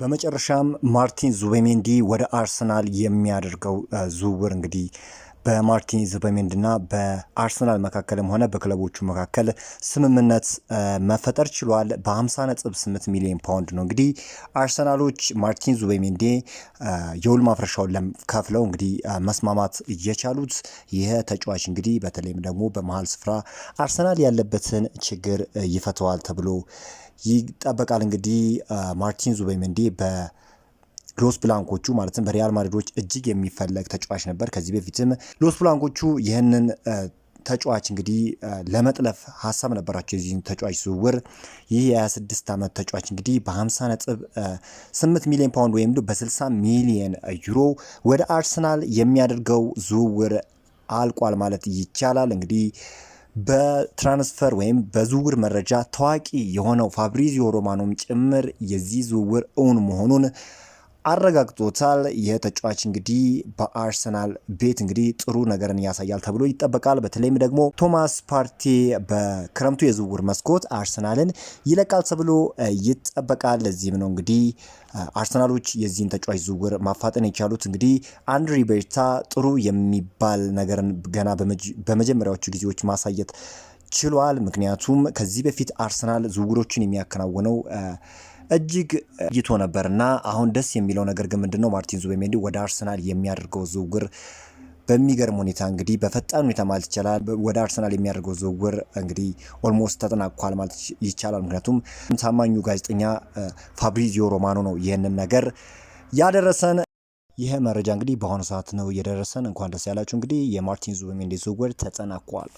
በመጨረሻም ማርቲን ዙቤሜንዲ ወደ አርሰናል የሚያደርገው ዝውውር እንግዲህ በማርቲን ዙቢሜንዲና በአርሰናል መካከልም ሆነ በክለቦቹ መካከል ስምምነት መፈጠር ችሏል። በ50.8 ሚሊዮን ፓውንድ ነው እንግዲህ አርሰናሎች ማርቲን ዙቢሜንዲ የውል ማፍረሻውን ከፍለው እንግዲህ መስማማት እየቻሉት ይህ ተጫዋች እንግዲህ በተለይም ደግሞ በመሀል ስፍራ አርሰናል ያለበትን ችግር ይፈተዋል ተብሎ ይጠበቃል። እንግዲህ ማርቲን ዙቢሜንዲ በ ሎስ ብላንኮቹ ማለትም በሪያል ማድሪዶች እጅግ የሚፈለግ ተጫዋች ነበር። ከዚህ በፊትም ሎስ ብላንኮቹ ይህንን ተጫዋች እንግዲህ ለመጥለፍ ሀሳብ ነበራቸው። የዚህ ተጫዋች ዝውውር ይህ የ26 ዓመት ተጫዋች እንግዲህ በ50 ነጥብ 8 ሚሊዮን ፓውንድ ወይም በ60 ሚሊዮን ዩሮ ወደ አርሰናል የሚያደርገው ዝውውር አልቋል ማለት ይቻላል። እንግዲህ በትራንስፈር ወይም በዝውውር መረጃ ታዋቂ የሆነው ፋብሪዚዮ ሮማኖም ጭምር የዚህ ዝውውር እውን መሆኑን አረጋግጦታል። ይህ ተጫዋች እንግዲህ በአርሰናል ቤት እንግዲህ ጥሩ ነገርን ያሳያል ተብሎ ይጠበቃል። በተለይም ደግሞ ቶማስ ፓርቴ በክረምቱ የዝውውር መስኮት አርሰናልን ይለቃል ተብሎ ይጠበቃል። ለዚህም ነው እንግዲህ አርሰናሎች የዚህን ተጫዋች ዝውውር ማፋጠን የቻሉት። እንግዲህ አንድሪ ቤርታ ጥሩ የሚባል ነገርን ገና በመጀመሪያዎቹ ጊዜዎች ማሳየት ችሏል። ምክንያቱም ከዚህ በፊት አርሰናል ዝውውሮችን የሚያከናውነው እጅግ ይቶ ነበርና አሁን ደስ የሚለው ነገር ግን ምንድነው ማርቲን ዙቤሜንዲ ወደ አርሰናል የሚያደርገው ዝውውር በሚገርም ሁኔታ እንግዲህ በፈጣን ሁኔታ ማለት ይቻላል ወደ አርሰናል የሚያደርገው ዝውውር እንግዲህ ኦልሞስት ተጠናቋል ማለት ይቻላል። ምክንያቱም ታማኙ ጋዜጠኛ ፋብሪዚዮ ሮማኖ ነው ይህንን ነገር ያደረሰን። ይህ መረጃ እንግዲህ በአሁኑ ሰዓት ነው የደረሰን። እንኳን ደስ ያላችሁ። እንግዲህ የማርቲን ዙቤሜንዲ ዝውውር ተጠናቋል።